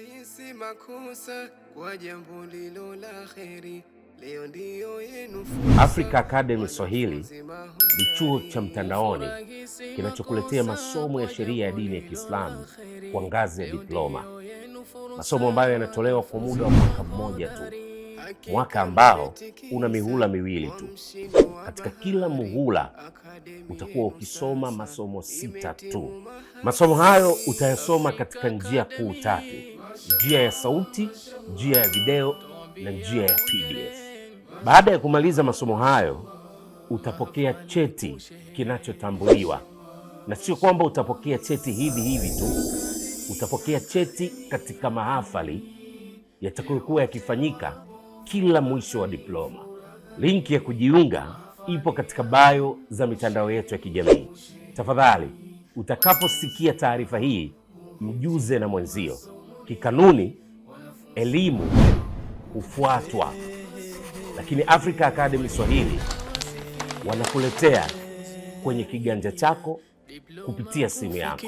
mnahisi makosa kwa jambo lilo la heri. Leo ndiyo yenu. Africa Academy Swahili ni chuo cha mtandaoni kinachokuletea masomo ya sheria ya dini ya Kiislamu kwa ngazi ya diploma, masomo ambayo yanatolewa kwa muda wa mwaka mmoja tu, mwaka ambao una mihula miwili tu. Katika kila muhula utakuwa ukisoma masomo sita tu. Masomo hayo utayasoma katika njia kuu tatu njia ya sauti, njia ya video na njia ya PDF. Baada ya kumaliza masomo hayo, utapokea cheti kinachotambuliwa, na sio kwamba utapokea cheti hivi hivi tu. Utapokea cheti katika mahafali yatakayokuwa yakifanyika kila mwisho wa diploma. Linki ya kujiunga ipo katika bio za mitandao yetu ya kijamii. Tafadhali, utakaposikia taarifa hii mjuze na mwenzio. Kikanuni elimu hufuatwa, lakini Africa Academy Swahili wanakuletea kwenye kiganja chako kupitia simu yako.